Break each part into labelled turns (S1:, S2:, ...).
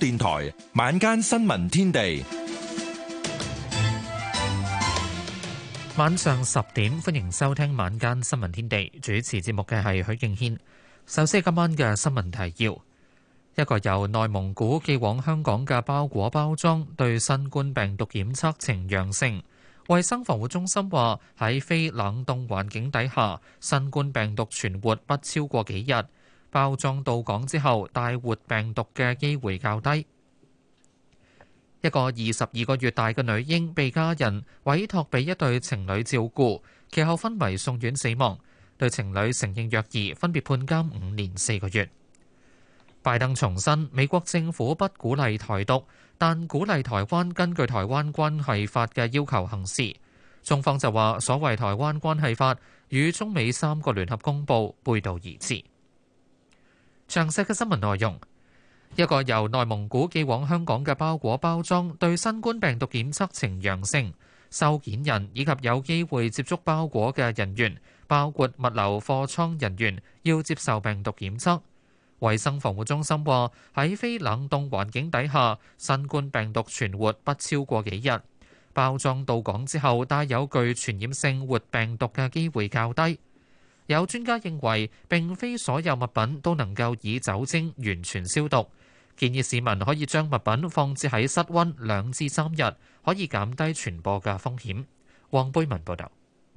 S1: 電台晚間新
S2: 聞天地，晚上十點歡迎收聽晚間新聞天地。主持節目嘅係許敬軒。首先，今晚嘅新聞提要：一個由內蒙古寄往香港嘅包裹包裝對新冠病毒檢測呈陽性。衛生防護中心話喺非冷凍環境底下，新冠病毒存活不超過幾日。包裝到港之後，帶活病毒嘅機會較低。一個二十二個月大嘅女嬰被家人委託俾一對情侶照顧，其後分為送院死亡。對情侶承認虐兒，分別判監五年四個月。拜登重申美國政府不鼓勵台獨，但鼓勵台灣根據台灣關係法嘅要求行事。中方就話，所謂台灣關係法與中美三個聯合公佈背道而馳。詳細嘅新聞內容，一個由內蒙古寄往香港嘅包裹包裝對新冠病毒檢測呈陽性，收件人以及有機會接觸包裹嘅人員，包括物流貨倉人員，要接受病毒檢測。衛生防護中心話喺非冷凍環境底下，新冠病毒存活不超過幾日。包裝到港之後，帶有具傳染性活病毒嘅機會較低。有專家認為，並非所有物品都能夠以酒精完全消毒，建議市民可以將物品放置喺室溫兩至三日，可以減低傳播嘅風險。黃貝文報導。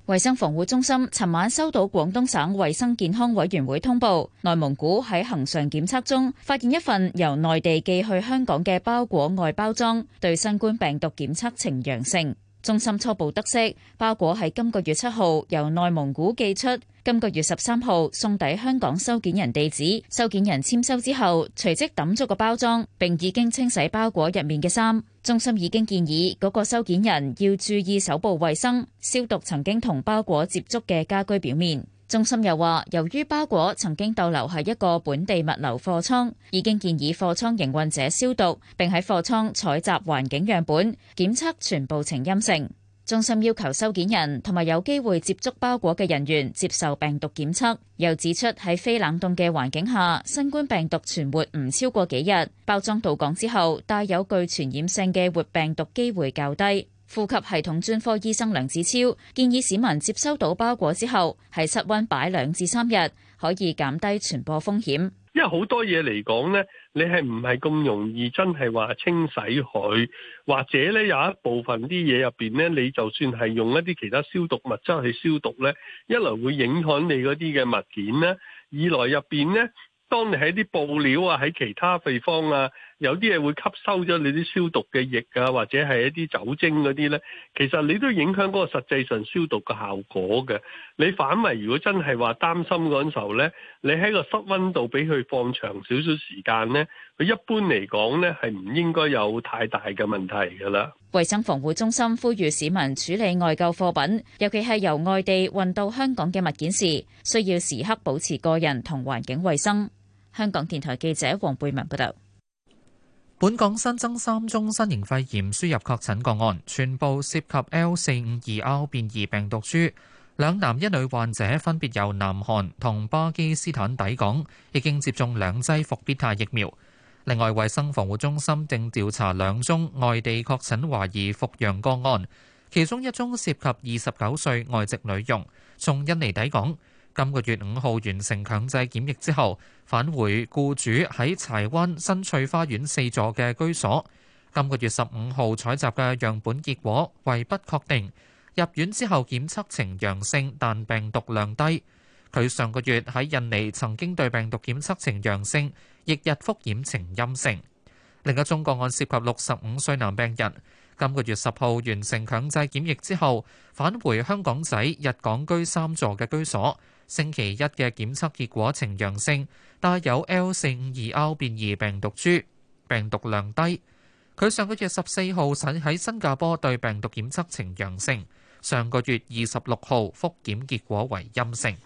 S3: 衞生防護中心尋晚收到廣東省衞生健康委員會通報，內蒙古喺恒常檢測中發現一份由內地寄去香港嘅包裹外包裝，對新冠病毒檢測呈陽性。中心初步得悉，包裹喺今個月七號由內蒙古寄出，今個月十三號送抵香港收件人地址，收件人簽收之後，隨即抌咗個包裝，並已經清洗包裹入面嘅衫。中心已經建議嗰個收件人要注意手部衛生，消毒曾經同包裹接觸嘅家居表面。中心又話，由於包裹曾經逗留喺一個本地物流貨倉，已經建議貨倉營運者消毒，並喺貨倉採集環境樣本，檢測全部呈陰性。中心要求收件人同埋有機會接觸包裹嘅人員接受病毒檢測。又指出喺非冷凍嘅環境下，新冠病毒存活唔超過幾日。包裝到港之後，帶有具傳染性嘅活病毒機會較低。呼吸系統專科醫生梁子超建議市民接收到包裹之後，喺室溫擺兩至三日，可以減低傳播風險。
S4: 因為好多嘢嚟講呢，你係唔係咁容易真係話清洗佢，或者呢，有一部分啲嘢入邊呢，你就算係用一啲其他消毒物質去消毒呢，一來會影響你嗰啲嘅物件呢，二來入邊呢，當你喺啲布料啊，喺其他地方啊。有啲嘢會吸收咗你啲消毒嘅液啊，或者係一啲酒精嗰啲呢，其實你都影響嗰個實際上消毒嘅效果嘅。你反為如果真係話擔心嗰陣時候呢，你喺個室溫度俾佢放長少少時間呢，佢一般嚟講呢，係唔應該有太大嘅問題噶啦。
S3: 衛生防護中心呼籲市民處理外購貨品，尤其係由外地運到香港嘅物件時，需要時刻保持個人同環境衛生。香港電台記者黃貝文報道。本港新增三宗新
S2: 型肺炎輸入確診個案，全部涉及 L 四五二 R 變異病毒株。兩男一女患者分別由南韓同巴基斯坦抵港，已經接種兩劑復必泰疫苗。另外，衛生防護中心正調查兩宗外地確診懷疑復陽個案，其中一宗涉及二十九歲外籍女傭從印尼抵港。今個月五號完成強制檢疫之後，返回僱主喺柴灣新翠花園四座嘅居所。今個月十五號採集嘅樣本結果為不確定。入院之後檢測呈陽性，但病毒量低。佢上個月喺印尼曾經對病毒檢測呈陽性，翌日復檢呈陰性。另一宗個案涉及六十五歲男病人，今個月十號完成強制檢疫之後，返回香港仔日港居三座嘅居所。星期一嘅檢測結果呈陽性，帶有 L452R 變異病毒株，病毒量低。佢上個月十四號曾喺新加坡對病毒檢測呈陽性，上個月二十六號復檢結果為陰性。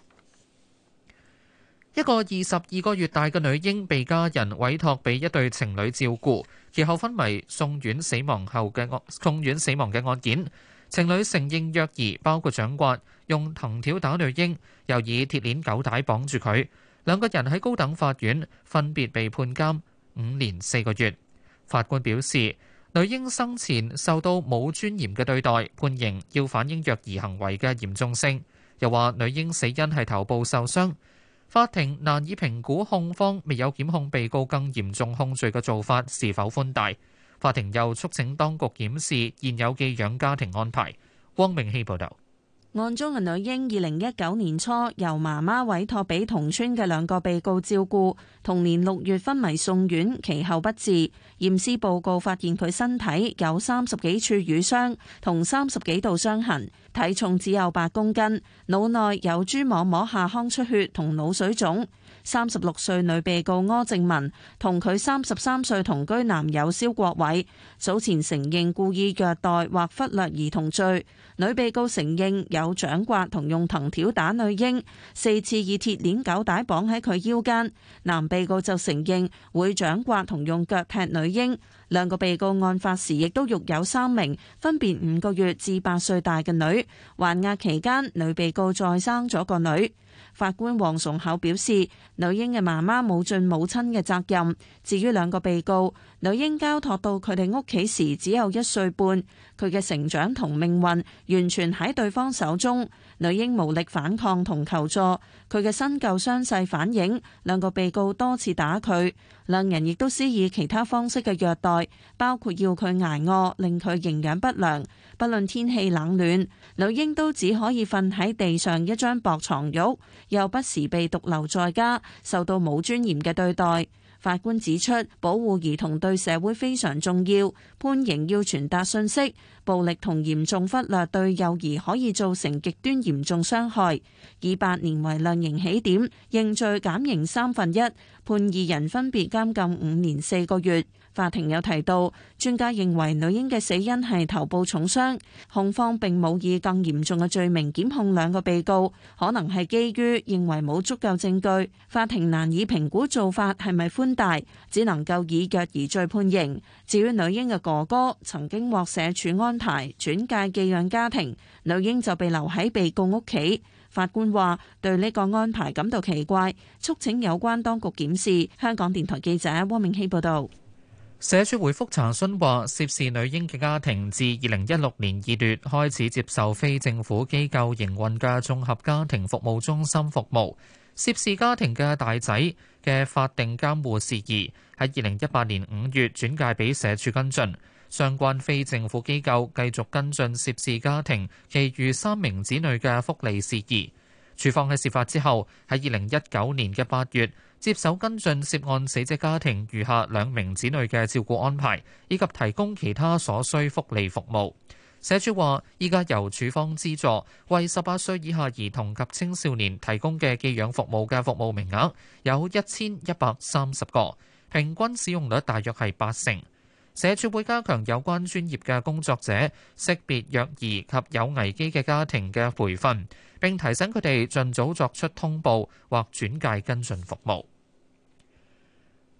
S2: 一個二十二個月大嘅女嬰被家人委託俾一對情侶照顧，其後昏迷送院死亡後嘅案、送院死亡嘅案件。情侶承認虐兒，包括掌摑，用藤條打女嬰，又以鐵鏈、狗帶綁住佢。兩個人喺高等法院分別被判監五年四個月。法官表示，女嬰生前受到冇尊嚴嘅對待，判刑要反映虐兒行為嘅嚴重性。又話女嬰死因係頭部受傷。法庭難以評估控方未有檢控被告更嚴重控罪嘅做法是否寬大。法庭又促請當局檢視現有寄養家庭安排。汪明希報導，
S5: 案中嘅女嬰二零一九年初由媽媽委託俾同村嘅兩個被告照顧，同年六月昏迷送院，其後不治。驗屍報告發現佢身體有三十幾處瘀傷同三十幾道傷痕，體重只有八公斤，腦內有蛛網膜下腔出血同腦水腫。三十六歲女被告柯正文同佢三十三歲同居男友蕭國偉早前承認故意虐待或忽略兒童罪。女被告承認有掌摑同用藤條打女嬰四次，以鐵鏈、狗帶綁喺佢腰間。男被告就承認會掌摑同用腳踢女嬰。兩個被告案發時亦都育有三名，分別五個月至八歲大嘅女。還押期間，女被告再生咗個女。法官黃崇厚表示，女嬰嘅媽媽冇盡母親嘅責任。至於兩個被告，女嬰交托到佢哋屋企時只有一歲半，佢嘅成長同命運完全喺對方手中。女嬰無力反抗同求助，佢嘅新舊傷勢反映兩個被告多次打佢，兩人亦都施以其他方式嘅虐待，包括要佢挨餓，令佢營養不良。不論天氣冷暖，女嬰都只可以瞓喺地上一張薄床褥，又不時被獨留在家，受到冇尊嚴嘅對待。法官指出，保護兒童對社會非常重要。判刑要傳達信息，暴力同嚴重忽略對幼兒可以造成極端嚴重傷害。以八年為量刑起點，認罪減刑三分一，判二人分別監禁五年四個月。法庭有提到，專家認為女嬰嘅死因係頭部重傷。控方並冇以更嚴重嘅罪名檢控兩個被告，可能係基於認為冇足夠證據，法庭難以評估做法係咪寬大，只能夠以虐兒罪判刑。至於女嬰嘅哥哥曾經獲社署安排轉介寄養家庭，女嬰就被留喺被告屋企。法官話對呢個安排感到奇怪，促請有關當局檢視。香港電台記者汪銘希報道。
S2: 社署回覆查詢話，涉事女嬰嘅家庭自二零一六年二月開始接受非政府機構營運嘅綜合家庭服務中心服務。涉事家庭嘅大仔嘅法定監護事宜喺二零一八年五月轉介俾社署跟進，相關非政府機構繼續跟進涉事家庭其餘三名子女嘅福利事宜。處方喺事發之後，喺二零一九年嘅八月。接手跟進涉案死者家庭餘下兩名子女嘅照顧安排，以及提供其他所需福利服務。社署話依家由署方資助，為十八歲以下兒童及青少年提供嘅寄養服務嘅服務名額有一千一百三十個，平均使用率大約係八成。社署會加強有關專業嘅工作者識別虐兒及有危機嘅家庭嘅培訓。並提醒佢哋盡早作出通報或轉介跟進服務。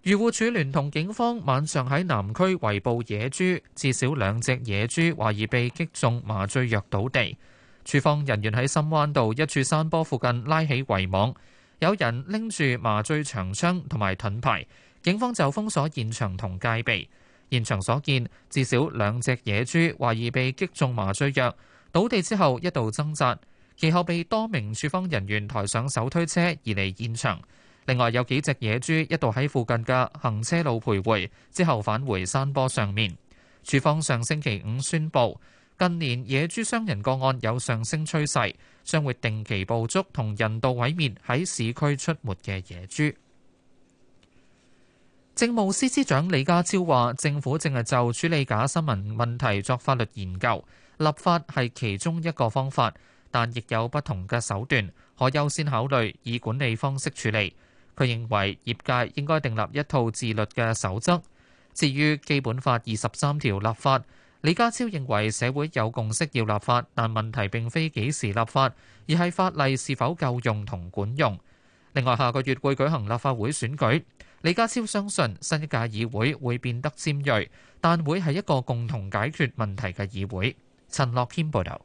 S2: 漁護署聯同警方晚上喺南區圍捕野豬，至少兩隻野豬懷疑被擊中麻醉藥倒地。處方人員喺深灣道一處山坡附近拉起圍網，有人拎住麻醉長槍同埋盾牌，警方就封鎖現場同戒備。現場所見，至少兩隻野豬懷疑被擊中麻醉藥倒地之後，一度掙扎。其後被多名處方人員抬上手推車移離現場。另外有幾隻野豬一度喺附近嘅行車路徘徊，之後返回山坡上面。處方上星期五宣布，近年野豬傷人個案有上升趨勢，將會定期捕捉同人道毀滅喺市區出沒嘅野豬。政務司司長李家超話，政府正係就處理假新聞問題作法律研究，立法係其中一個方法。但亦有不同嘅手段可優先考慮以管理方式處理。佢認為業界應該訂立一套自律嘅守則。至於《基本法》二十三條立法，李家超認為社會有共識要立法，但問題並非幾時立法，而係法例是否夠用同管用。另外，下個月會舉行立法會選舉，李家超相信新一屆議會會變得尖鋭，但會係一個共同解決問題嘅議會。陳樂謙報道。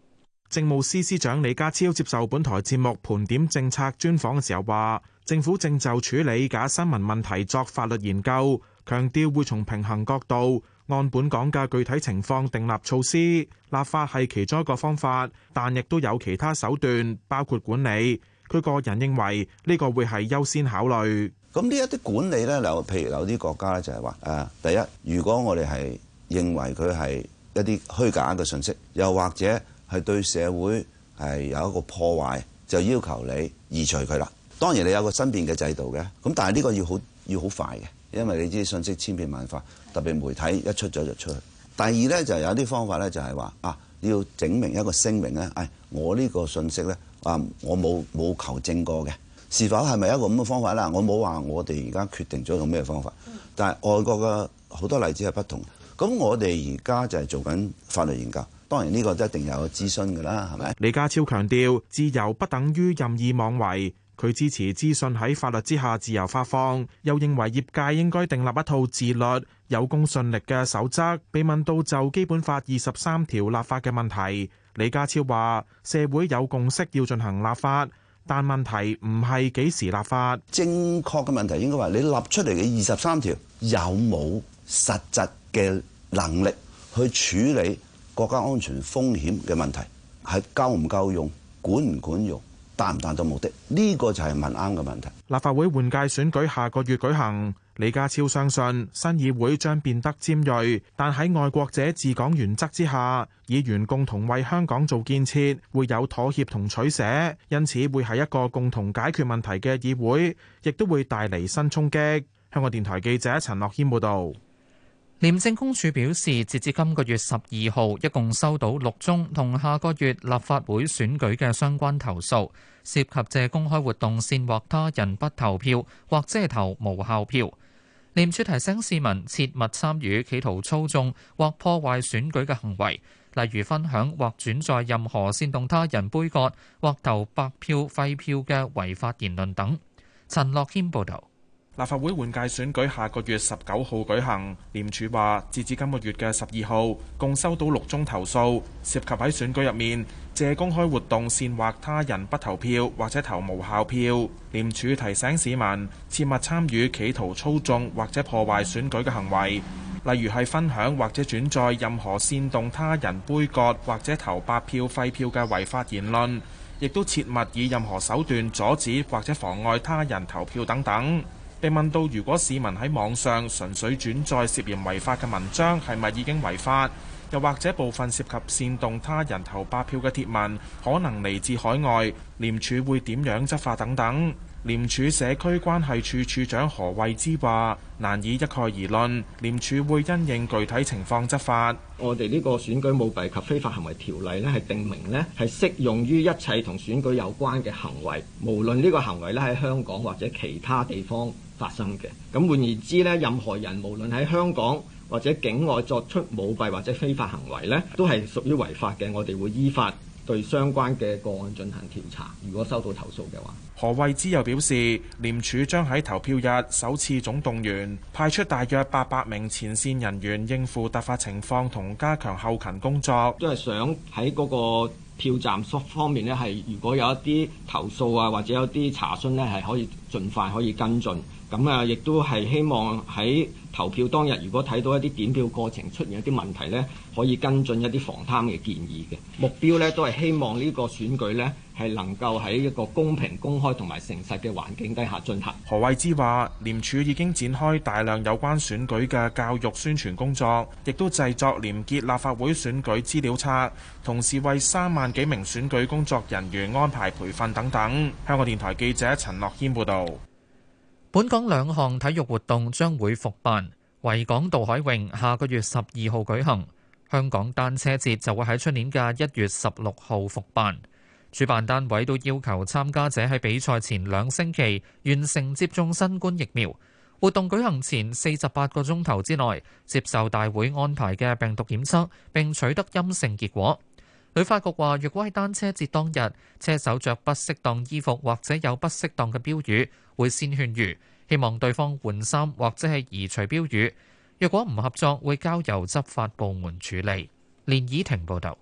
S2: 政務司司長李家超接
S1: 受本台節目盤點政策專訪嘅時候話，政府正就處理假新聞問題作法律研究，強調會從平衡角度，按本港嘅具體情況訂立措施，立法係其中一個方法，但亦都有其他手段，包括管理。佢個人認為呢個會係優先考慮。咁呢一啲管理咧，有譬如有啲國家咧就係話，
S6: 誒，第一，如果我哋係認為佢係一啲虛假嘅信息，又或者。係對社會係有一個破壞，就要求你移除佢啦。當然你有個申辯嘅制度嘅，咁但係呢個要好要好快嘅，因為你知信息千變萬化，特別媒體一出咗就出去。第二呢，就係有啲方法呢，就係話啊，要整明一個聲明呢。誒、哎，我呢個信息呢，啊，我冇冇求證過嘅，是否係咪一個咁嘅方法啦？我冇話我哋而家決定咗用咩方法，但係外國嘅好多例子係不同，咁我哋而家就係做緊法律研究。
S1: 當然呢個都一定有諮詢㗎啦，係咪？李家超強調自由不等於任意妄為，佢支持資訊喺法律之下自由發放，又認為業界應該訂立一套自律有公信力嘅守則。被問到就《基本法》二十三條立法嘅問題，李家超話社會有共識要進行立法，但問題唔係幾時立法，
S6: 正確嘅問題應該話你立出嚟嘅二十三條有冇實質嘅能力去處理？國家安全風險嘅問題係夠唔夠用、管唔管用、達唔達到目的，呢個就係問啱嘅問題。
S1: 立法會換屆選舉下個月舉行，李家超相信新議會將變得尖鋭，但喺愛國者治港原則之下，議員共同為香港做建設，會有妥協同取捨，因此會係一個共同解決問題嘅議會，亦都會帶嚟新衝擊。
S2: 香港電台記者陳樂軒報導。廉政公署表示，截至今個月十二號，一共收到六宗同下個月立法會選舉嘅相關投訴，涉及借公開活動煽惑他人不投票，或者係投無效票。廉署提醒市民切勿參與企圖操縱或破壞選舉嘅行為，例如分享或轉載任何煽動他人杯葛，或投白票、廢票嘅違法言論等。陳樂軒報導。立法
S1: 會換屆選舉下個月十九號舉行，廉署話，截至今個月嘅十二號，共收到六宗投訴，涉及喺選舉入面借公開活動煽惑他人不投票或者投無效票。廉署提醒市民切勿參與企圖操縱或者破壞選舉嘅行為，例如係分享或者轉載任何煽動他人杯葛或者投白票、廢票嘅違法言論，亦都切勿以任何手段阻止或者妨礙他人投票等等。被問到，如果市民喺網上純粹轉載涉嫌違法嘅文章，係咪已經違法？又或者部分涉及煽動他人投白票嘅帖文，可能嚟自海外，廉署會點樣執法等等？廉署社區關係處處長何惠芝話：難以一概而論，廉署會因應具體情況執法。我哋呢個選舉舞弊及非法行為條例呢係定明，呢係適用於一切同選
S7: 舉有關嘅行為，無論呢個行為呢喺香港或者其他地方發生嘅，咁換言之咧，任何人無論喺香港或者境外作出舞弊或者非
S1: 法行為咧，都係屬於違法嘅。我哋會依法對相關嘅個案進行調查。如果收到投訴嘅話，何慧芝又表示，廉署將喺投票日首次總動員，派出大約八百名前線人員應付突發情況同加強後勤工作。都係想喺嗰個票站方面咧，係如果
S7: 有一啲投訴啊，或者有啲查詢呢，係可以盡快可以跟進。咁啊，亦都係希望喺投票當日，如果睇到一啲點票過程出現一啲問題咧，可以跟進一啲防貪嘅建議嘅目標咧，都係希望呢個選舉咧係能
S1: 夠喺一個公平、公開同埋誠實嘅環境底下進行。何慧芝話，廉署已經展開大量有關選舉嘅教育宣傳工作，亦都製作廉潔立法會選舉資料冊，同時為三萬幾名選舉工作人員安排
S2: 培訓等等。香港電台記者陳樂謙報道。本港兩項體育活動將會復辦，維港渡海泳下個月十二號舉行，香港單車節就會喺出年嘅一月十六號復辦。主辦單位都要求參加者喺比賽前兩星期完成接種新冠疫苗，活動舉行前四十八個鐘頭之內接受大會安排嘅病毒檢測，並取得陰性結果。旅發局話，如果喺單車節當日，車手着不適當衣服或者有不適當嘅標語，會先勸喻，希望對方換衫或者係移除標語。若果唔合作，會交由執法部門處理。連綺婷報道。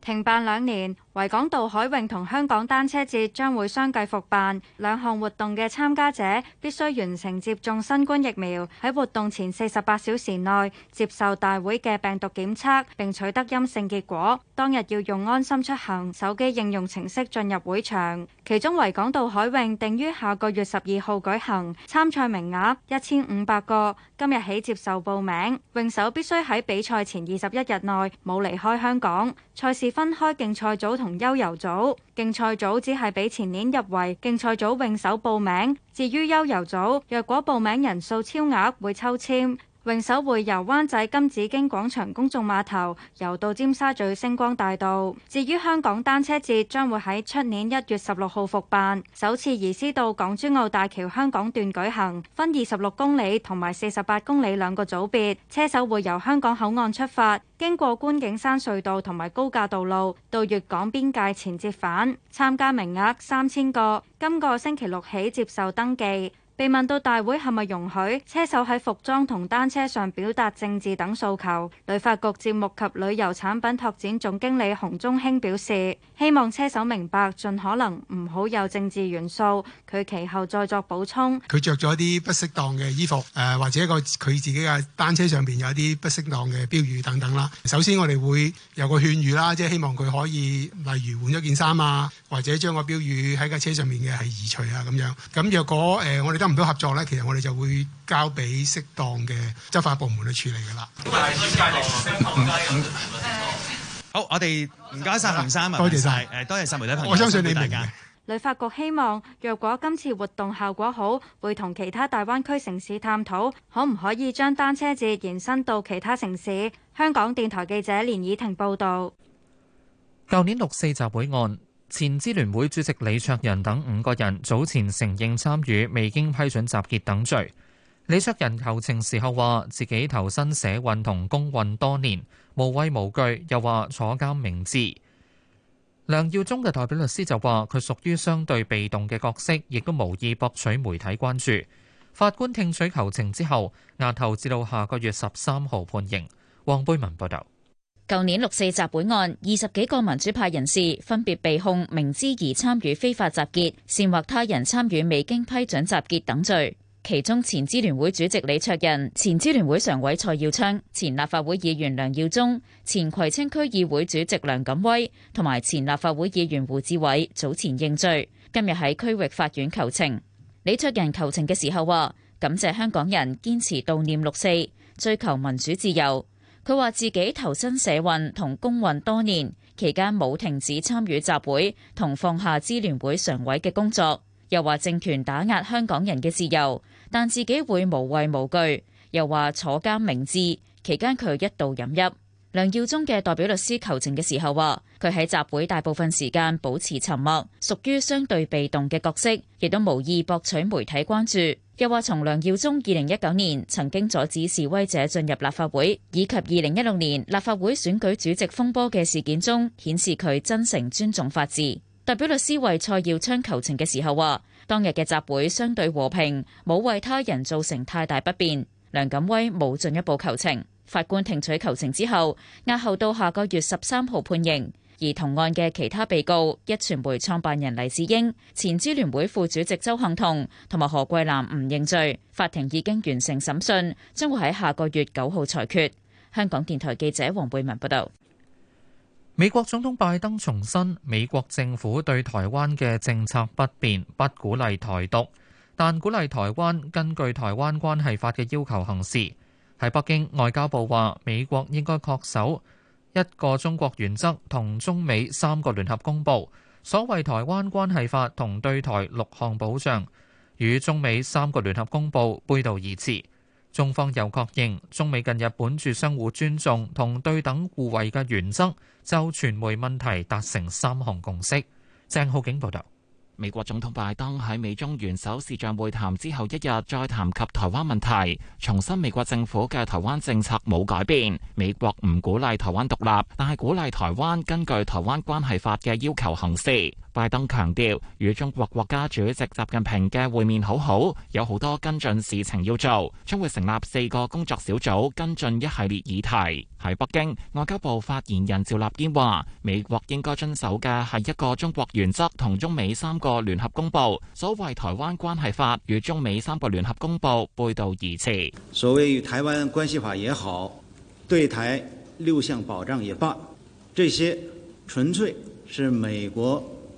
S8: 停辦兩年。維港渡海泳同香港單車節將會相繼復辦，兩項活動嘅參加者必須完成接種新冠疫苗，喺活動前四十八小時內接受大會嘅病毒檢測，並取得陰性結果。當日要用安心出行手機應用程式進入會場。其中維港渡海泳定於下個月十二號舉行，參賽名額一千五百個，今日起接受報名。泳手必須喺比賽前二十一日內冇離開香港。賽事分開競賽組同。悠遊組。競賽組只係畀前年入圍競賽組泳手報名，至於悠遊組，若果報名人數超額，會抽籤。泳手會由灣仔金紫荊廣場公眾碼頭游到尖沙咀星光大道。至於香港單車節將會喺出年一月十六號復辦，首次移師到港珠澳大橋香港段舉行，分二十六公里同埋四十八公里兩個組別，車手會由香港口岸出發，經過觀景山隧道同埋高架道路到粵港邊界前折返。參加名額三千個，今個星期六起接受登記。被問到大會係咪容許車手喺服裝同單車上表達政治等訴求，旅發局節目及旅遊產品拓展總經理洪忠興表示。希望車手明白，盡可能唔好有政治元素。佢其後再作補充。
S4: 佢着咗啲不適當嘅衣服，誒或者一個佢自己嘅單車上邊有啲不適當嘅標語等等啦。首先我哋會有個勸喻啦，即係希望佢可以，例如換咗件衫啊，或者將個標語喺架車上面嘅係移除啊咁樣。咁若果誒我哋得唔到合作咧，其實我哋就會交俾適當嘅執法部門去處理㗎啦。
S1: 好，我哋唔該晒，林生啊，多謝晒，誒，多謝晒，媒體朋友，我相信你大
S8: 家，旅發局希望，若果今次活動效果好，會同其他大灣區城市探討，可唔可以將單車節延伸到其他城市。香港電台記者連以婷報導。
S2: 舊年六四集會案，前支聯會主席李卓人等五個人早前承認參與未經批准集結等罪。李卓人求情時候話，自己投身社運同工運多年。無畏無懼，又話坐監明智。梁耀忠嘅代表律師就話：佢屬於相對被動嘅角色，亦都無意博取媒體關注。法官聽取求情之後，押後至到下個月十三號判刑。黃貝文報道。
S3: 舊年六四集會案，二十幾個民主派人士分別被控明知而參與非法集結、煽惑他人參與未經批准集結等罪。其中前支聯會主席李卓人、前支聯會常委蔡耀昌、前立法會議員梁耀忠、前葵青區議會主席梁錦威同埋前立法會議員胡志偉早前認罪，今日喺區域法院求情。李卓人求情嘅時候話：感謝香港人堅持悼念六四，追求民主自由。佢話自己投身社運同工運多年，期間冇停止參與集會同放下支聯會常委嘅工作，又話政權打壓香港人嘅自由。但自己會無畏無懼，又話坐監明智。期間佢一度飲泣。梁耀忠嘅代表律師求情嘅時候話：佢喺集會大部分時間保持沉默，屬於相對被動嘅角色，亦都無意博取媒體關注。又話從梁耀忠二零一九年曾經阻止示威者進入立法會，以及二零一六年立法會選舉主席風波嘅事件中，顯示佢真誠尊重法治。代表律師為蔡耀昌求情嘅時候話。當日嘅集會相對和平，冇為他人造成太大不便。梁錦威冇進一步求情，法官聽取求情之後，押後到下個月十三號判刑。而同案嘅其他被告，一傳媒創辦人黎智英、前支聯會副主席周幸彤同埋何桂藍唔認罪。法庭已經完成審訊，將會喺下個月九號裁決。香港電台記者黃貝文報道。
S2: 美國總統拜登重申，美國政府對台灣嘅政策不變，不鼓勵台獨，但鼓勵台灣根據台灣關係法嘅要求行事。喺北京，外交部話，美國應該恪守一個中國原則，同中美三個聯合公報，所謂台灣關係法同對台六項保障，與中美三個聯合公報背道而馳。中方又確認，中美近日本住相互尊重同對等互惠嘅原則，就傳媒問題達成三項共識。鄭浩景報道。
S9: 美國總統拜登喺美中元首視像會談之後一日再談及台灣問題，重申美國政府嘅台灣政策冇改變，美國唔鼓勵台灣獨立，但係鼓勵台灣根據台灣關係法嘅要求行事。拜登強調與中國國家主席習近平嘅會面好好，有好多跟進事情要做，將會成立四個工作小組跟進一系列議題。喺北京，外交部發言人趙立堅話：美國應該遵守嘅係一個中國原則同中美三個聯合公佈，所謂《台灣關係法》與中美三個聯合公佈背道而馳。所謂《與台灣關係法》也好，對台六項保
S6: 障也罷，這些純粹是美國。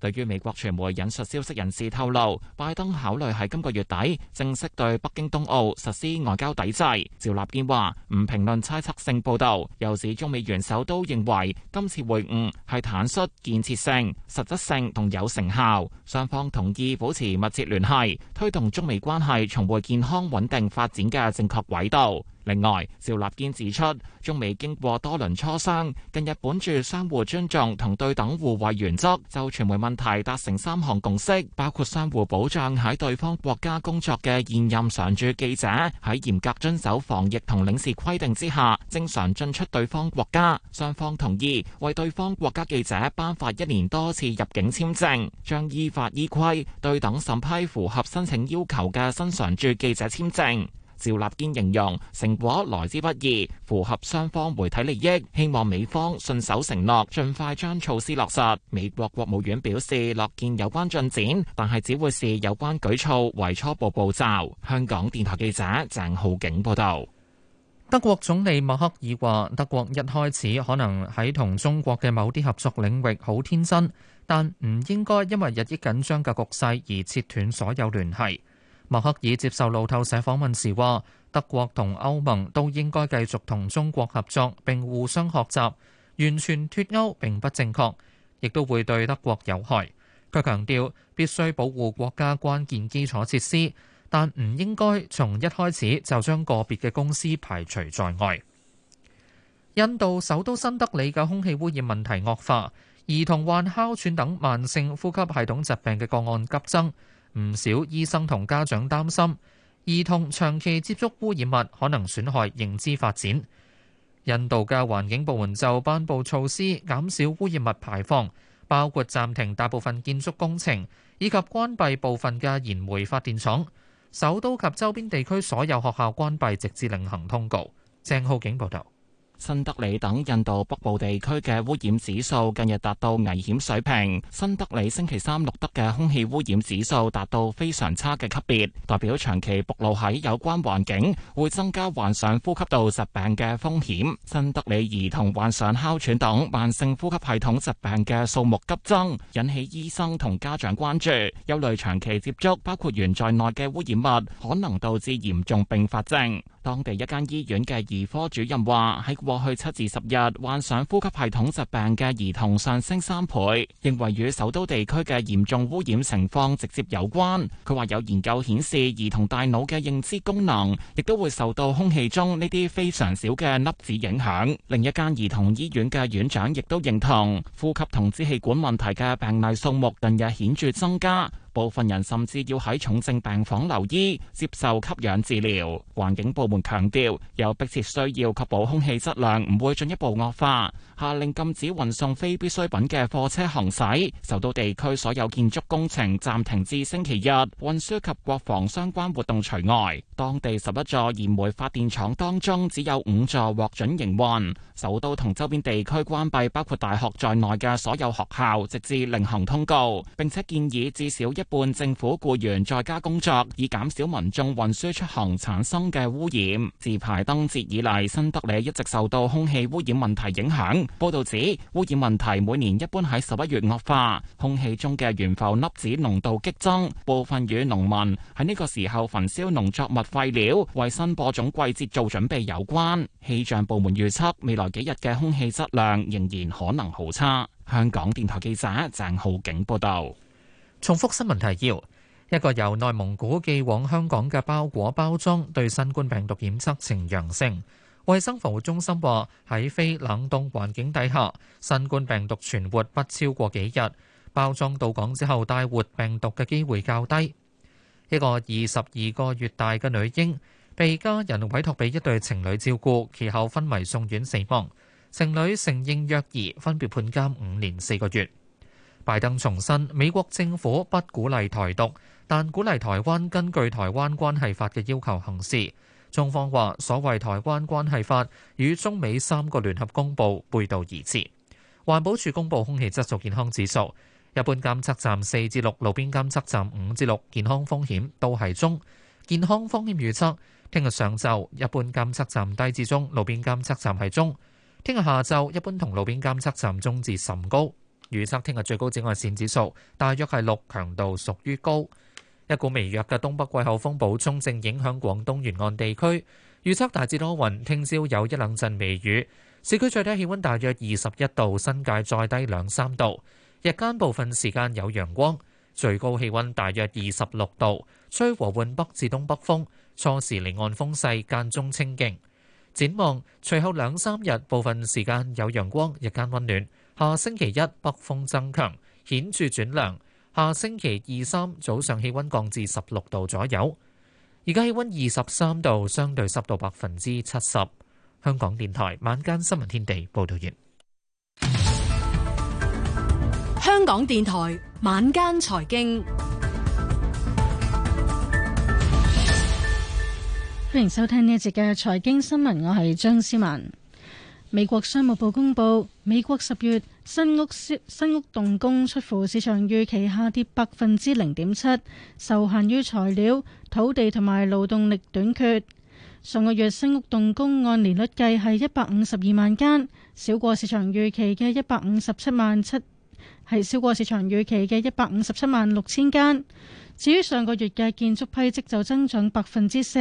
S9: 對於美國傳媒引述消息人士透露，拜登考慮喺今個月底正式對北京冬奧實施外交抵制。趙立堅話：唔評論猜測性報道，又指中美元首都認為今次會晤係坦率、建設性、實質性同有成效，雙方同意保持密切聯繫，推動中美關係重回健康穩定發展嘅正確軌道。另外，趙立堅指出，中美經過多輪磋商，近日本住相互尊重同對等互惠原則，就傳媒問題達成三項共識，包括相互保障喺對方國家工作嘅現任常駐記者喺嚴格遵守防疫同領事規定之下，正常進出對方國家。雙方同意為對方國家記者頒發一年多次入境簽證，將依法依規對等審批符合申請要求嘅新常駐記者簽證。趙立堅形容成果來之不易，符合雙方媒體利益，希望美方信守承諾，盡快將措施落實。美國國務院表示，樂見有關進展，但係只會視有關舉措為初步步驟。
S2: 香港電台記者鄭浩景報道。德國總理默克爾話：德國一開始可能喺同中國嘅某啲合作領域好天真，但唔應該因為日益緊張嘅局勢而切斷所有聯繫。默克爾接受路透社訪問時話：德國同歐盟都應該繼續同中國合作並互相學習，完全脫歐並不正確，亦都會對德國有害。佢強調必須保護國家關鍵基礎設施，但唔應該從一開始就將個別嘅公司排除在外。印度首都新德里嘅空氣污染問題惡化，兒童患哮喘等慢性呼吸系統疾病嘅個案急增。唔少醫生同家長擔心，兒童長期接觸污染物可能損害認知發展。印度嘅環境部門就頒布措施，減少污染物排放，包括暫停大部分建築工程，以及關閉部分嘅燃煤發電廠。首都及周邊地區所有學校關閉，直至另行通告。鄭浩景報導。新
S9: 德里等印度北部地區嘅污染指數近日達到危險水平。新德里星期三錄得嘅空氣污染指數達到非常差嘅級別，代表長期暴露喺有關環境會增加患上呼吸道疾病嘅風險。新德里兒童患上哮喘等慢性呼吸系統疾病嘅數目急增，引起醫生同家長關注，憂慮長期接觸包括鉛在內嘅污染物可能導致嚴重併發症。當地一間醫院嘅兒科主任話：喺過去七至十日，患上呼吸系統疾病嘅兒童上升三倍，認為與首都地區嘅嚴重污染情況直接有關。佢話有研究顯示，兒童大腦嘅認知功能亦都會受到空氣中呢啲非常小嘅粒子影響。另一間兒童醫院嘅院長亦都認同，呼吸同支氣管問題嘅病例數目近日顯著增加。部分人甚至要喺重症病房留醫接受吸氧治療。環境部門強調，有迫切需要確保空氣質量唔會進一步惡化，下令禁止運送非必需品嘅貨車行駛。首都地區所有建築工程暫停至星期日，運輸及國防相關活動除外。當地十一座燃煤發電廠當中，只有五座獲准營運。首都同周邊地區關閉，包括大學在內嘅所有學校，直至另行通告，並且建議至少一。半政府僱員在家工作，以減少民眾運輸出行產生嘅污染。自排燈節以嚟，新德里一直受到空氣污染問題影響。報道指，污染問題每年一般喺十一月惡化，空氣中嘅懸浮粒子濃度激增，部分與農民喺呢個時候焚燒農作物廢料為新播種季節做準備有關。氣象部門預測，未來幾日嘅空氣質量仍然可能好差。香港電台記者鄭浩景
S2: 報道。重複新聞提要：一個由內蒙古寄往香港嘅包裹包裝對新冠病毒檢測呈陽性。衛生服務中心話，喺非冷凍環境底下，新冠病毒存活不超過幾日。包裝到港之後帶活病毒嘅機會較低。一個二十二個月大嘅女嬰被家人委託俾一對情侶照顧，其後昏迷送院死亡。情侶承認虐兒，分別判監五年四個月。拜登重申美國政府不鼓勵台獨，但鼓勵台灣根據《台灣關係法》嘅要求行事。中方話：所謂《台灣關係法》與中美三個聯合公布背道而馳。環保署公布空氣質素健康指數，一般監測站四至六，路邊監測站五至六，健康風險都係中。健康風險預測：聽日上晝一般監測站低至中，路邊監測站係中；聽日下晝一般同路邊監測站中至甚高。預測聽日最高紫外線指數大約係六，強度屬於高。一股微弱嘅東北季候風補充正影響廣東沿岸地區，預測大致多雲，聽朝有一兩陣微雨。市區最低氣溫大約二十一度，新界再低兩三度。日間部分時間有陽光，最高氣溫大約二十六度，吹和緩北至東北風，初時離岸風勢間中清勁。展望隨後兩三日，部分時間有陽光，日間溫暖。下星期一北風增強，顯著轉涼。下星期二三早上氣溫降至十六度左右，而家氣溫二十三度，相對濕度百分之七十。香港電台晚間新聞天地報道完。
S10: 香港電台晚間財經，歡迎收聽呢一節嘅財經新聞，我係張思文。美國商務部公布，美國十月新屋新屋動工出乎市場預期，下跌百分之零點七，受限於材料、土地同埋勞動力短缺。上個月新屋動工按年率計係一百五十二萬間，少過市場預期嘅一百五十七萬七，係少過市場預期嘅一百五十七萬六千間。至於上個月嘅建築批准就增長百分之四，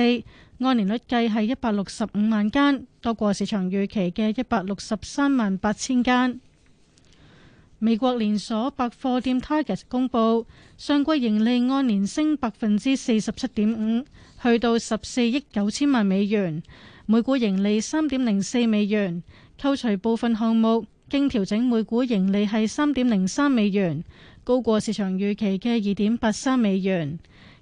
S10: 按年率計係一百六十五萬間，多過市場預期嘅一百六十三萬八千間。美國連鎖百貨店 Target 公佈上季盈利按年升百分之四十七點五，去到十四億九千萬美元，每股盈利三點零四美元，扣除部分項目，經調整每股盈利係三點零三美元。高過市場預期嘅二點八三美元，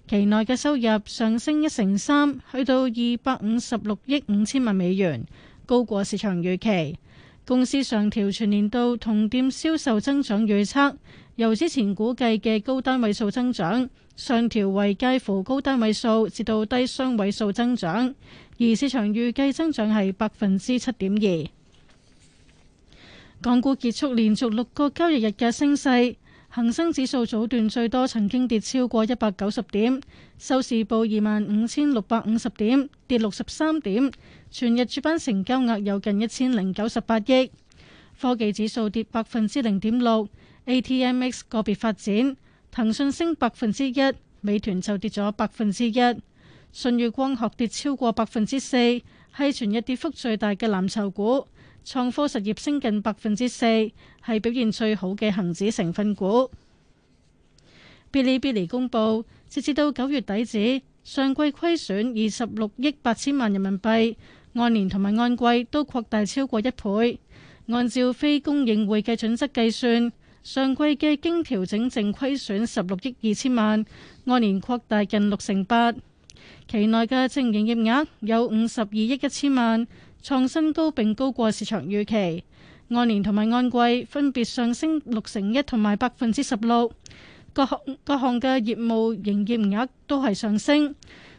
S10: 期內嘅收入上升一成三，去到二百五十六億五千萬美元，高過市場預期。公司上調全年度同店銷售增長預測，由之前估計嘅高單位數增長，上調為介乎高單位數至到低雙位數增長，而市場預計增長係百分之七點二。港股結束連續六個交易日嘅升勢。恒生指數早段最多曾經跌超過一百九十點，收市報二萬五千六百五十點，跌六十三點。全日主板成交額有近一千零九十八億。科技指數跌百分之零點六，ATMX 個別發展，騰訊升百分之一，美團就跌咗百分之一。舜宇光學跌超過百分之四，係全日跌幅最大嘅藍籌股。創科實業升近百分之四，係表現最好嘅恒指成分股。嗶哩嗶哩公布，截至到九月底止，上季虧損二十六億八千萬人民幣，按年同埋按季都擴大超過一倍。按照非公認會計準則計算，上季嘅經調整淨虧損十六億二千萬，按年擴大近六成八。期內嘅淨營業額有五十二億一千萬，創新高，並高過市場預期。按年同埋按季分別上升六成一，同埋百分之十六。各項各項嘅業務營業額都係上升。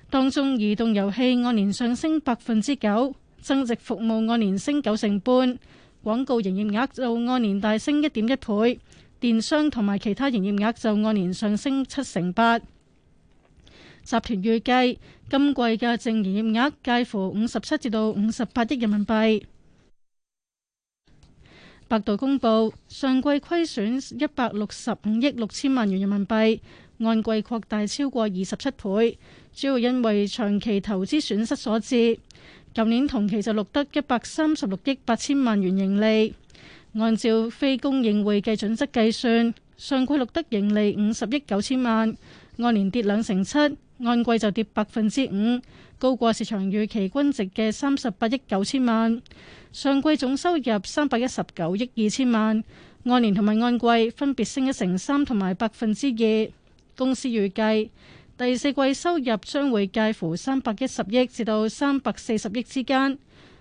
S10: 當中移動遊戲按年上升百分之九，增值服務按年升九成半，廣告營業額就按年大升一點一倍，電商同埋其他營業額就按年上升七成八。集團預計今季嘅淨營業額介乎五十七至到五十八億人民幣。百度公布上季虧損一百六十五億六千萬元人民幣，按季擴大超過二十七倍，主要因為長期投資損失所致。舊年同期就錄得一百三十六億八千萬元盈利。按照非公認會計準則計算，上季錄得盈利五十億九千萬，按年跌兩成七。按季就跌百分之五，高過市場預期均值嘅三十八億九千萬。上季總收入三百一十九億二千萬，按年同埋按季分別升一成三同埋百分之二。公司預計第四季收入將會介乎三百一十億至到三百四十億之間，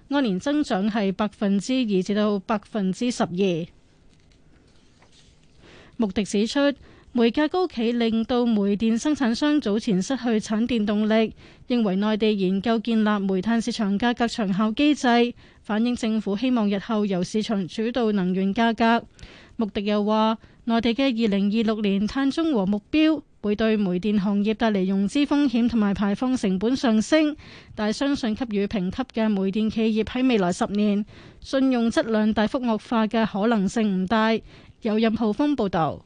S10: 按年增長係百分之二至到百分之十二。穆迪指出，煤價高企令到煤電生產商早前失去產電動力，認為內地研究建立煤炭市場價格長效機制，反映政府希望日後由市場主導能源價格。穆迪又話，內地嘅二零二六年碳中和目標會對煤電行業帶嚟融資風險同埋排放成本上升，但相信給予評級嘅煤電企業喺未來十年信用質量大幅惡化嘅可能性唔大。由任浩峰報道。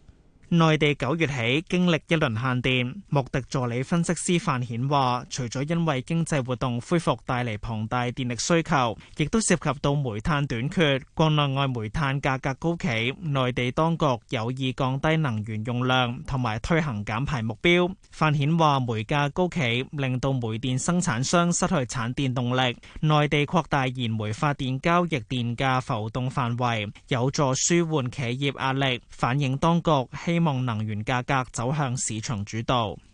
S7: 內地九月起經歷一輪限電，穆迪助理分析師范顯話，除咗因為經濟活動恢復帶嚟龐大電力需求，亦都涉及到煤炭短缺、國內外煤炭價格高企。內地當局有意降低能源用量，同埋推行減排目標。范顯話，煤價高企令到煤電生產商失去產電動力，內地擴大燃煤發電交易電價浮動範圍，有助舒緩企業壓力，反映當局希希望能源價格走向市場主導。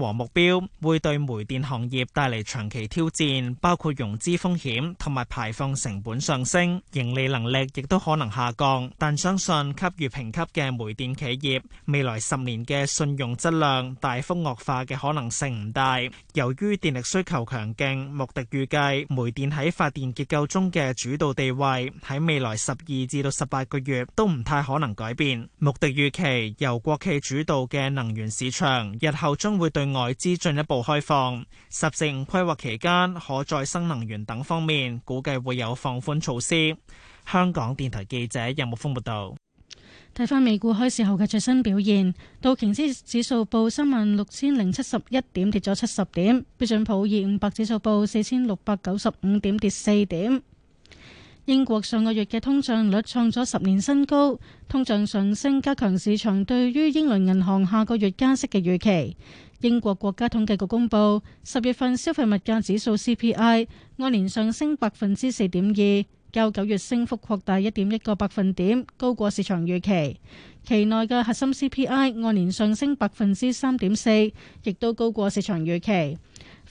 S7: 和目標會對煤電行業帶嚟長期挑戰，包括融資風險同埋排放成本上升，盈利能力亦都可能下降。但相信給予評級嘅煤電企業，未來十年嘅信用質量大幅惡化嘅可能性唔大。由於電力需求強勁，穆迪預計煤電喺發電結構中嘅主導地位喺未來十二至到十八個月都唔太可能改變。穆迪預期由國企主導嘅能源市場，日後將會對外資進一步開放，十四五規劃期間可再生能源等方面估計會有放寬措施。香港電台記者任木峰報道。
S10: 睇翻美股開市後嘅最新表現，道瓊斯指數報三萬六千零七十一點，跌咗七十點；標準普爾五百指數報四千六百九十五點，跌四點。英國上個月嘅通脹率創咗十年新高，通脹上升加強市場對於英倫銀行下個月加息嘅預期。英國國家統計局公布，十月份消費物價指數 CPI 按年上升百分之四點二，較九月升幅擴大一點一個百分點，高過市場預期。期內嘅核心 CPI 按年上升百分之三點四，亦都高過市場預期。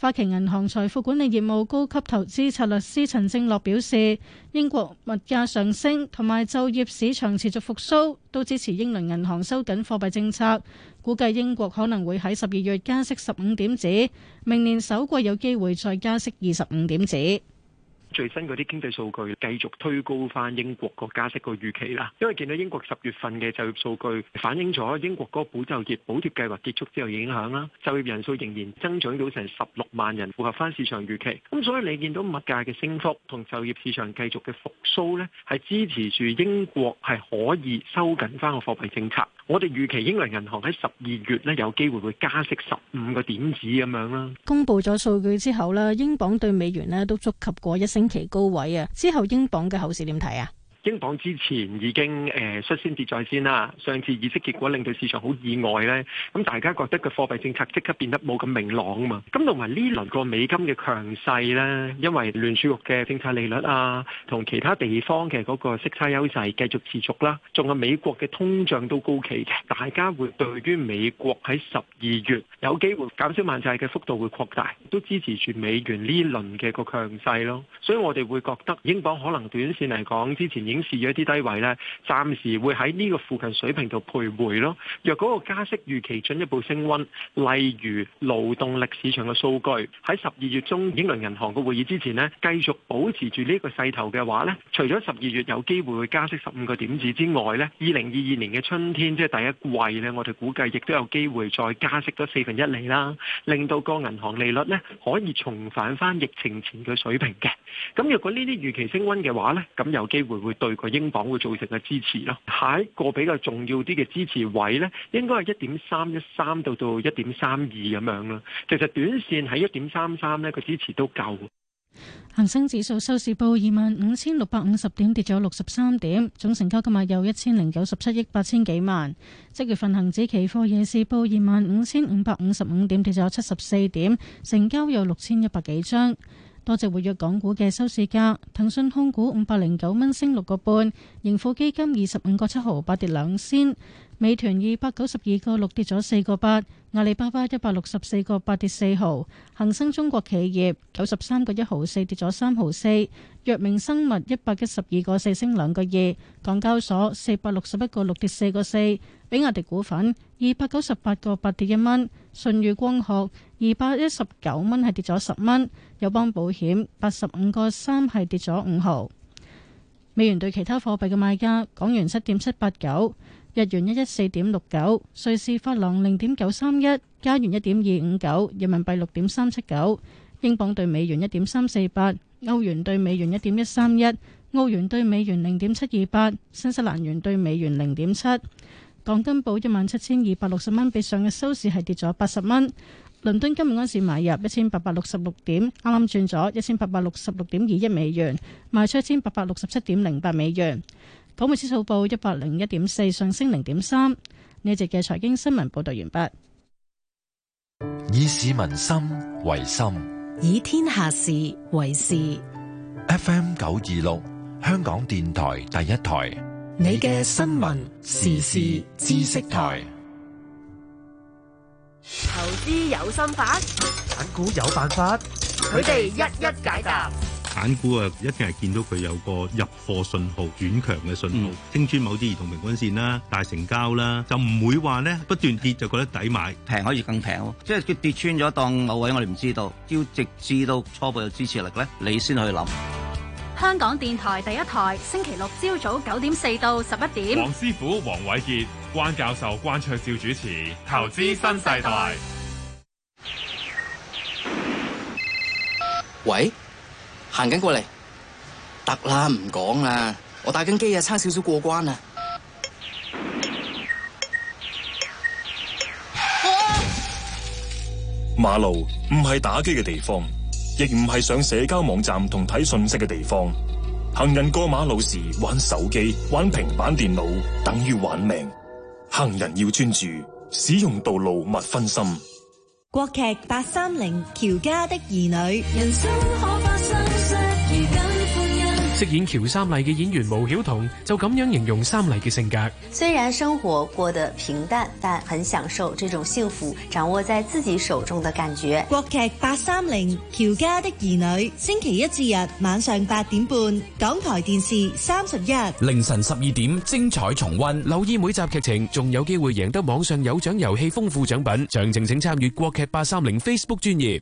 S10: 花旗銀行財富管理業務高級投資策略師陳正樂表示，英國物價上升同埋就業市場持續復甦，都支持英倫銀行收緊貨幣政策。估計英國可能會喺十二月加息十五點子，明年首季有機會再加息二十五點子。
S4: 最新嗰啲經濟數據繼續推高翻英國個加息個預期啦，因為見到英國十月份嘅就業數據反映咗英國嗰個補就業補貼計劃結束之後影響啦，就業人數仍然增長到成十六萬人符合翻市場預期，咁所以你見到物價嘅升幅同就業市場繼續嘅復蘇咧，係支持住英國係可以收緊翻個貨幣政策。我哋預期英倫銀行喺十二月咧有機會會加息十五個點子咁樣啦。
S10: 公布咗數據之後咧，英鎊對美元咧都觸及過一。短期高位啊，之後英鎊嘅後市點睇啊？
S4: 英鎊之前已經誒、呃、率先跌在先啦，上次議息結果令到市場好意外呢，咁大家覺得個貨幣政策即刻變得冇咁明朗啊嘛，咁同埋呢輪個美金嘅強勢咧，因為聯儲局嘅政策利率啊，同其他地方嘅嗰個息差優勢繼續持續啦、啊，仲有美國嘅通脹都高企嘅，大家會對於美國喺十二月有機會減少買債嘅幅度會擴大，都支持住美元呢輪嘅個強勢咯，所以我哋會覺得英鎊可能短線嚟講之前。顯示咗一啲低位咧，暫時會喺呢個附近水平度徘徊咯。若果個加息預期進一步升溫，例如勞動力市場嘅數據喺十二月中英倫銀行嘅會議之前咧，繼續保持住呢個勢頭嘅話咧，除咗十二月有機會會加息十五個點子之外咧，二零二二年嘅春天即係第一季咧，我哋估計亦都有機會再加息多四分一釐啦，令到個銀行利率咧可以重返翻疫情前嘅水平嘅。咁若果呢啲預期升溫嘅話咧，咁有機會會。對佢英鎊會造成嘅支持咯，下一個比較重要啲嘅支持位咧，應該係一點三一三到到一點三二咁樣啦。其實短綫喺一點三三呢個支持都夠。
S10: 恒生指數收市報二萬五千六百五十點，跌咗六十三點，總成交今日有一千零九十七億八千幾萬。七月份恒指期貨夜市報二萬五千五百五十五點，跌咗七十四點，成交有六千一百幾張。多隻活躍港股嘅收市價，騰訊控股五百零九蚊升六個半，盈富基金二十五個七毫八跌兩仙，美團二百九十二個六跌咗四個八，阿里巴巴一百六十四個八跌四毫，恒生中國企業九十三個一毫四跌咗三毫四，藥明生物一百一十二個四升兩個二，港交所四百六十一個六跌四個四，比亞迪股份二百九十八個八跌一蚊，舜宇光學，二百一十九蚊係跌咗十蚊，友邦保險八十五個三係跌咗五毫。美元對其他貨幣嘅賣價：港元七點七八九，日元一一四點六九，瑞士法郎零點九三一，加元一點二五九，人民幣六點三七九，英鎊對美元一點三四八，歐元對美元一點一三一，澳元對美元零點七二八，新西蘭元對美元零點七。港金報一萬七千二百六十蚊，比上日收市係跌咗八十蚊。倫敦今日安市買入一千八百六十六點，啱啱轉咗一千八百六十六點二一美元，賣出一千八百六十七點零八美元。港匯指數報一百零一點四，上升零點三。呢節嘅財經新聞報道完畢。
S4: 以市民心為心，
S10: 以天下
S4: 事為事。F.M. 九二六，香港電台第一台，你嘅新聞時事知識台。
S3: 投資有心法，
S4: 港股有辦法，佢哋一
S3: 一解答。
S6: 港股啊，一定係見到佢有個入貨信號、轉強嘅信號，嗯、升穿某啲移動平均線啦，大成交啦，就唔會話咧不斷跌就覺得抵買，平可以更平。即係佢跌穿咗當某位我哋唔知道，要直至到初步有支持力咧，你先去諗。
S3: 香港電台第一台，星期六朝早九點四到十一點。黃
S4: 師傅、黃偉杰、關教授、關焯照主持《投
S7: 資新世代》世代。喂，行緊過嚟，得啦，唔講啦，我帶緊機啊，差少少過關啊。
S4: 馬路唔係打機嘅地方。亦唔係上社交網站同睇信息嘅地方。行人過馬路時玩手機、玩平板電腦，等於玩命。行人要專注，使用道路勿分心。
S5: 國劇八三零，喬家的兒女。人生
S4: 飾演喬三麗嘅演員毛曉彤就咁樣形容三麗嘅性格。
S8: 雖然生活過得平淡，但很享受這種幸福掌握在自己手中的感覺。國劇八三零《喬家的兒
S5: 女》，星期一至日晚上八點半，港台電視三十一，
S7: 凌
S4: 晨十二點精彩重溫。留意每集劇情，仲有機會贏得網上有獎遊戲豐富獎品。詳情請參閱國劇八三零 Facebook 專頁。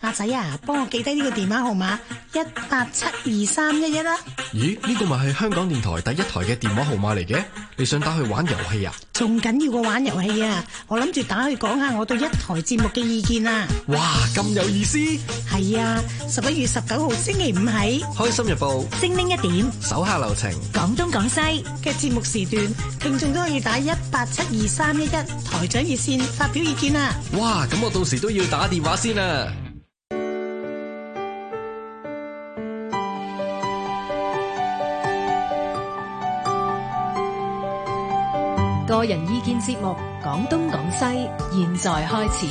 S10: 阿仔啊，幫我記低呢個電話號碼一八七二三一一啦。啊、
S4: 咦，呢個咪係香港電台第一台嘅電話號碼嚟嘅？你想打去玩遊戲啊？
S10: 仲緊要過玩遊戲啊？我諗住打去講下我對一台節目嘅意見啊。哇，咁有意思。係啊，十一月十九號星期五喺
S4: 開心日報，零零一點，手下留情，
S10: 講東講西嘅節目時段，聽眾都可以打一八七二三一一台長熱線發表意見啊。
S2: 哇，咁我到時都要打電話先啊。
S3: 人意見節目，講東講西，現在開
S2: 始。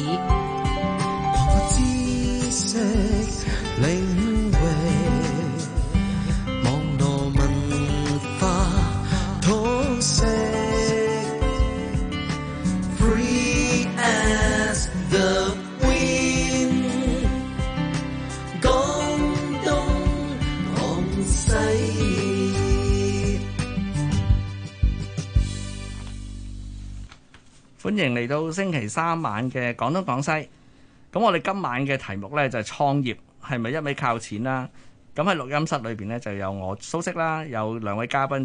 S2: 歡迎嚟到星期三晚嘅廣東廣西，咁我哋今晚嘅題目咧就係創業，
S9: 係咪一味靠錢啦？咁喺錄音室裏邊咧就有我蘇軾啦，有兩位嘉賓。